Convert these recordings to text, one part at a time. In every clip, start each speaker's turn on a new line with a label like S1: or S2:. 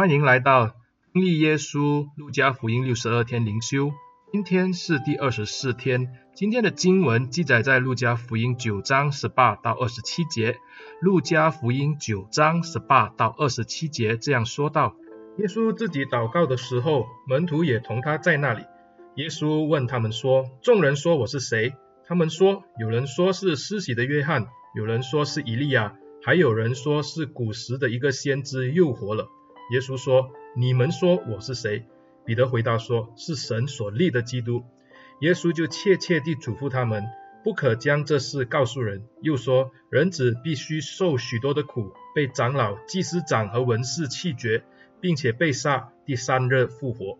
S1: 歡迎來到經歷耶穌路加福音六十二天靈修，今天是第二十四天。今天的經文記載在路加福音九章十八到二十七節。路加福音九章十八到二十七節這樣說道：耶穌自己禱告的時候，門徒也同他在那裡。耶穌問他們說：“眾人說我是誰？”他們說：有人說是施洗的約翰，有人說是以利亞，還有人說是古時的一個先知又活了。”耶穌說：“你們說我是誰？”彼得回答說：“是神所立的基督。”耶穌就切切地囑咐他們，不可將這事告訴人。又說：“人子必須受許多的苦，被長老、祭司長和文士棄絕，並且被殺，第三日復活。”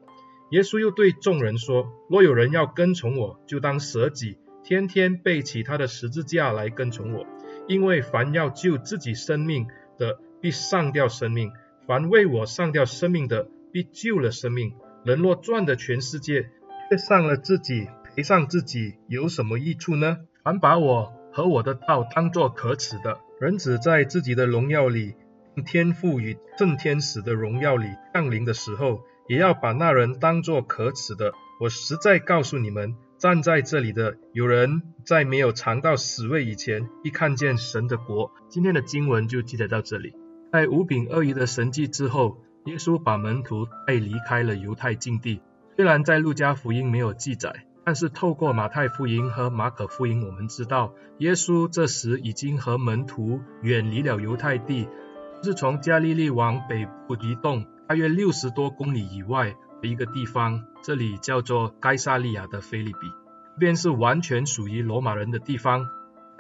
S1: 耶穌又對眾人說：“若有人要跟從我，就當捨己，天天背起他的十字架來跟從我。因為凡要救自己生命的，必喪掉生命。”凡為我喪掉生命的，必救了生命；人若賺了全世界，卻喪了自己，賠上自己，有什麼益處呢？凡把我和我的道當作可恥的，人子在自己的榮耀裡、天父與聖天使的榮耀裡降臨的時候，也要把那人當作可恥的。我實在告訴你們，站在這裡的，有人在沒有嘗到死味以前，一看見神的國。今天的經文就記載到這裡。在五餅二魚的神蹟之後，耶穌把門徒帶離開了猶太境地。雖然在路加福音沒有記載，但是透過馬太福音和馬可福音，我們知道耶穌這時已經和門徒遠離了猶太地，是從加利利往北部移動大約六十多公里以外的一個地方，這裡叫做該撒利亞的腓立比，便是完全屬於羅馬人的地方。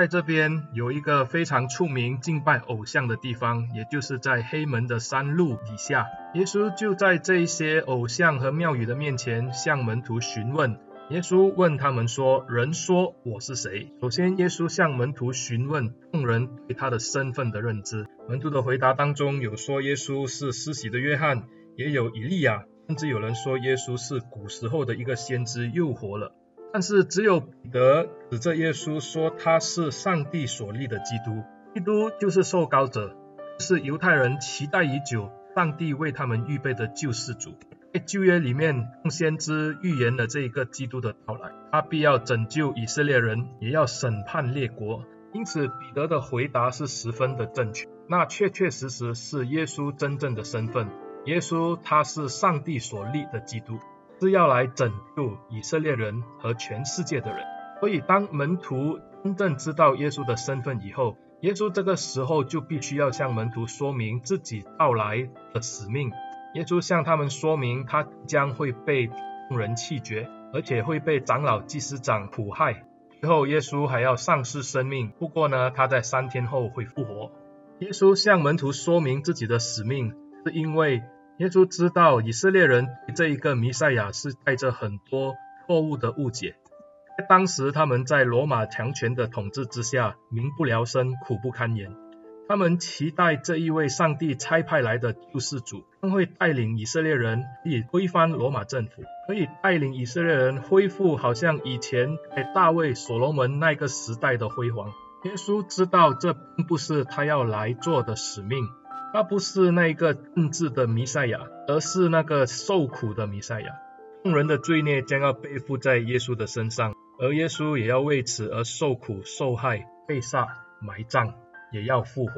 S1: 在這邊有一個非常出名敬拜偶像的地方，也就是在黑門的山路底下。耶穌就在這一些偶像和廟宇的面前向門徒詢問。耶穌問他們說：“人說我是誰？”首先，耶穌向門徒詢問眾人對他的身份的認知。門徒的回答當中有說耶穌是施洗的約翰，也有以利亞，甚至有人說耶穌是古時候的一個先知又活了。但是只有彼得指着耶穌說：“他是上帝所立的基督，基督就是受膏者，是猶太人期待已久、上帝為他們預備的救世主。在舊約裡面，先知預言了這一個基督的到來，他必要拯救以色列人，也要審判列國。因此，彼得的回答是十分的正確，那確確實實是耶穌真正的身份。耶穌他是上帝所立的基督。”是要來拯救以色列人和全世界的人。所以，當門徒真正知道耶穌的身份以後，耶穌這個時候就必須要向門徒說明自己到來的使命。耶穌向他們說明，他將會被眾人棄絕，而且會被長老、祭司長迫害。最後，耶穌還要喪失生命。不過呢，他在三天後會復活。耶穌向門徒說明自己的使命，是因為。耶穌知道以色列人對這一個彌賽亞是帶着很多錯誤的誤解。當時他們在羅馬強權的統治之下，民不聊生，苦不堪言。他們期待這一位上帝差派來的救世主，他會帶領以色列人可以推翻羅馬政府，可以帶領以色列人恢復好像以前在大衛、所羅門那個時代的輝煌。耶穌知道這並不是他要來做的使命。他不是那一個政治的彌賽亞，而是那個受苦的彌賽亞。眾人的罪孽將要背負在耶穌的身上，而耶穌也要為此而受苦、受害、被殺、埋葬，也要復活。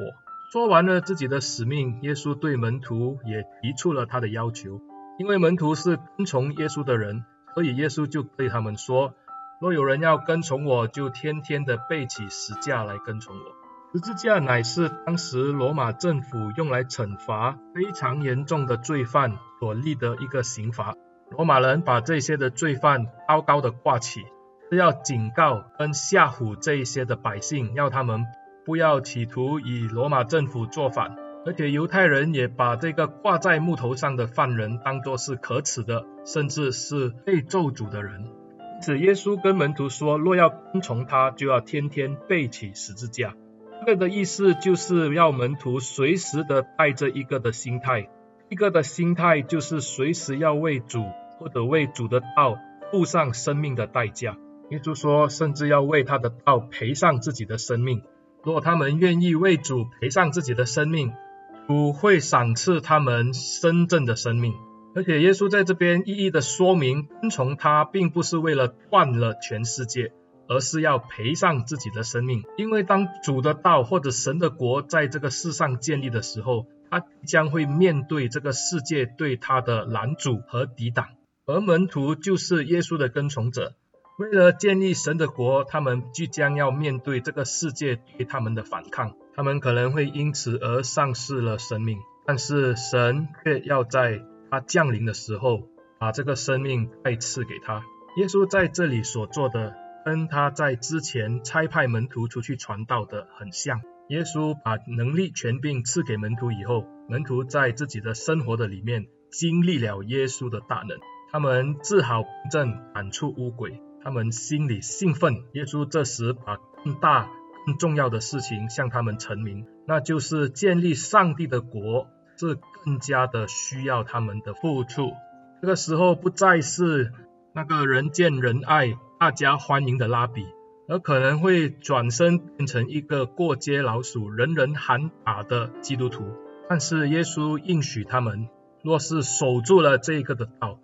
S1: 說完了自己的使命，耶穌對門徒也提出了他的要求。因為門徒是跟從耶穌的人，所以耶穌就對他們說：“若有人要跟從我，就天天的背起十架來跟從我。”十字架乃是當時羅馬政府用來懲罰非常嚴重的罪犯所立的一個刑罰。羅馬人把這些的罪犯高高的掛起，是要警告跟嚇唬這些的百姓，要他們不要企圖以羅馬政府作反。而且猶太人也把這個掛在木頭上的犯人當做是可恥的，甚至是被咒詛的人。因此耶穌跟門徒說：“若要跟從他，就要天天背起十字架。”這個的意思就是要門徒隨時的帶着一個的心態，一個的心態就是隨時要為主或者為主的道付上生命的代價。耶穌說，甚至要為他的道賠上自己的生命。如果他們願意為主賠上自己的生命，主會賞賜他們真正的生命。而且耶穌在這邊一一的說明，遵從他並不是為了換了全世界。而是要賠上自己的生命，因為當主的道或者神的國在這個世上建立的時候，他將會面對這個世界對他的攔阻和抵擋。而門徒就是耶穌的跟從者，為了建立神的國，他們即將要面對這個世界對他們的反抗，他們可能會因此而喪失了生命。但是神卻要在他降臨的時候把這個生命再賜給他。耶穌在這裡所做的。跟他在之前差派門徒出去傳道的很像。耶穌把能力權柄賜給門徒以後，門徒在自己的生活的裡面經歷了耶穌的大能，他們治好病症、趕出污鬼，他們心裡興奮。耶穌這時把更大、更重要的事情向他們陳明，那就是建立上帝的國，是更加的需要他們的付出。這個時候不再是。那個人見人愛、大家歡迎的拉比，而可能會轉身變成一個過街老鼠、人人喊打的基督徒。但是耶穌應許他們，若是守住了這一個的道，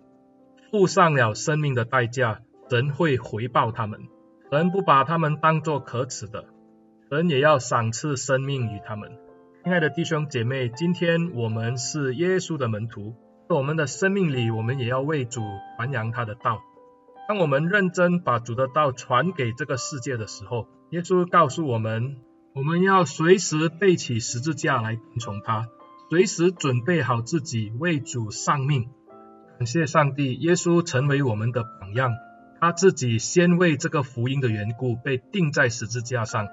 S1: 付上了生命的代價，神會回報他們，神不把他們當作可恥的，神也要賞賜生命與他們。親愛的弟兄姐妹，今天我們是耶穌的門徒。我們的生命裡，我們也要為主傳揚他的道。當我們認真把主的道傳給這個世界的時候，耶穌告訴我們，我們要隨時背起十字架來跟從他，隨時準備好自己為主喪命。感謝上帝，耶穌成為我們的榜樣，他自己先為這個福音的緣故被釘在十字架上，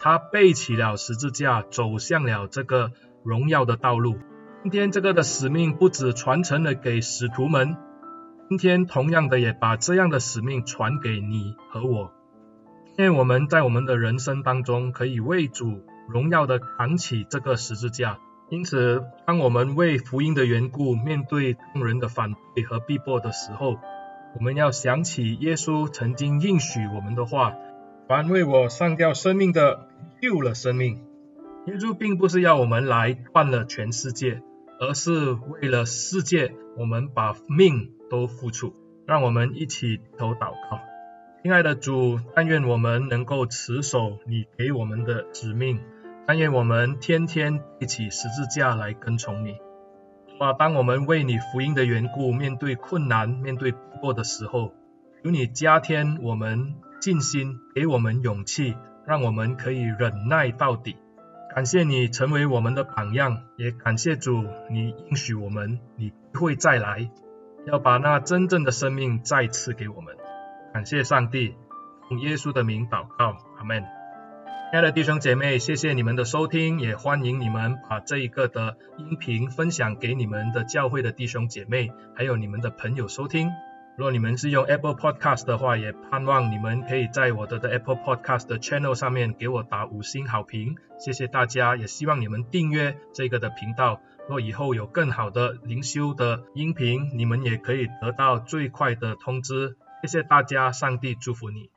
S1: 他背起了十字架，走向了這個榮耀的道路。今天這個的使命不只傳承了給使徒們，今天同樣的也把這樣的使命傳給你和我。願我們在我們的人生當中，可以為主榮耀的扛起這個十字架。因此，當我們為福音的緣故，面對眾人的反對和逼迫的時候，我們要想起耶穌曾經應許我們的話：“凡為我喪掉生命的，救了生命。”耶穌並不是要我們來換了全世界。而是為了世界，我們把命都付出。讓我們一起低頭禱告，親愛的主，但願我們能夠持守你給我們的使命，但願我們天天背起十字架來跟從你。啊，當我們為你福音的緣故，面對困難、面對逼迫的時候，求你加添我們信心，給我們勇氣，讓我們可以忍耐到底。感謝你成為我們的榜樣，也感謝主，你應許我們，你會再來，要把那真正的生命再賜給我們。感謝上帝，用耶穌的名禱告，阿門。親愛的弟兄姐妹，謝謝你們的收聽，也歡迎你們把這一個的音頻分享給你們的教會的弟兄姐妹，還有你們的朋友收聽。若你們是用 Apple Podcast 的話，也盼望你們可以在我的的 Apple Podcast 的 Channel 上面給我打五星好評，謝謝大家，也希望你們訂閱這個的頻道。若以後有更好的靈修的音頻，你們也可以得到最快的通知。謝謝大家，上帝祝福你。